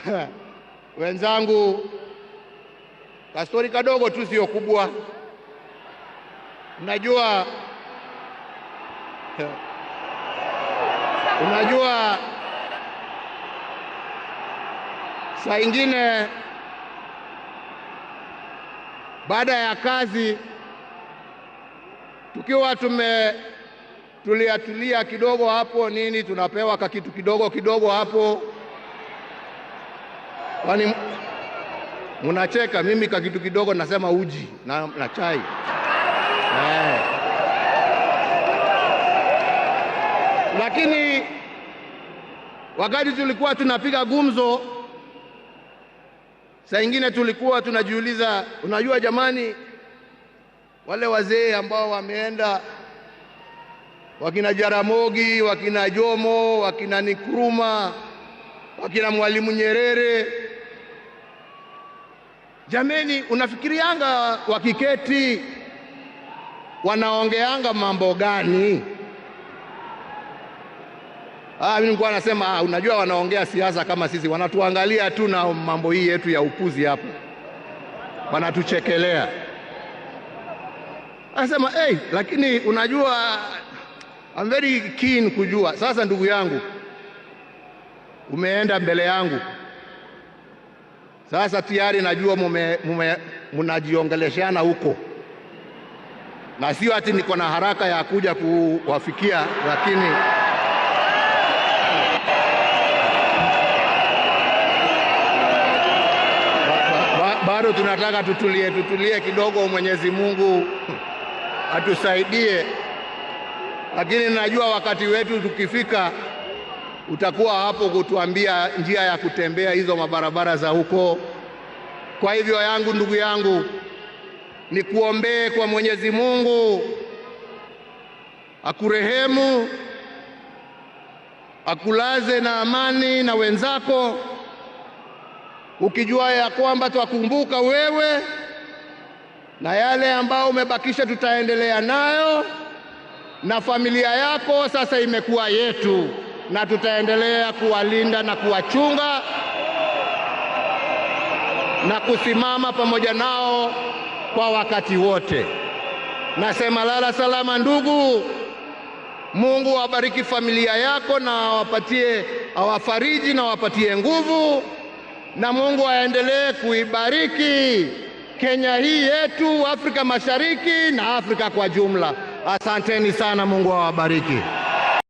wenzangu, kastori kadogo tu, sio kubwa. Unajua, unajua saa ingine baada ya kazi tukiwa tumetuliatulia kidogo hapo nini, tunapewa kakitu kidogo kidogo hapo Kwani mnacheka? Mimi kwa kitu kidogo nasema uji na, na chai eh. Lakini wakati tulikuwa tunapiga gumzo, saa ingine tulikuwa tunajiuliza, unajua jamani, wale wazee ambao wameenda wakina Jaramogi, wakina Jomo, wakina Nkrumah, wakina Mwalimu Nyerere Jameni, unafikirianga wakiketi wanaongeanga mambo gani? Ah, mimi nilikuwa nasema ah, unajua wanaongea siasa kama sisi, wanatuangalia tu na mambo hii yetu ya upuzi hapo wanatuchekelea. Anasema hey, lakini unajua I'm very keen kujua. Sasa ndugu yangu, umeenda mbele yangu sasa tayari najua mnajiongeleshana huko, na sio ati niko na haraka ya kuja kuwafikia, lakini bado tunataka tutulie, tutulie kidogo. Mwenyezi Mungu atusaidie, lakini najua wakati wetu tukifika utakuwa hapo kutuambia njia ya kutembea hizo mabarabara za huko. Kwa hivyo yangu, ndugu yangu, nikuombee kwa Mwenyezi Mungu akurehemu, akulaze na amani na wenzako, ukijua ya kwamba twakumbuka wewe na yale ambayo umebakisha tutaendelea nayo, na familia yako sasa imekuwa yetu na tutaendelea kuwalinda na kuwachunga na kusimama pamoja nao kwa wakati wote. Nasema lala salama ndugu. Mungu awabariki familia yako na awapatie, awafariji na awapatie nguvu, na Mungu aendelee kuibariki Kenya hii yetu, Afrika Mashariki na Afrika kwa jumla. Asanteni sana, Mungu awabariki.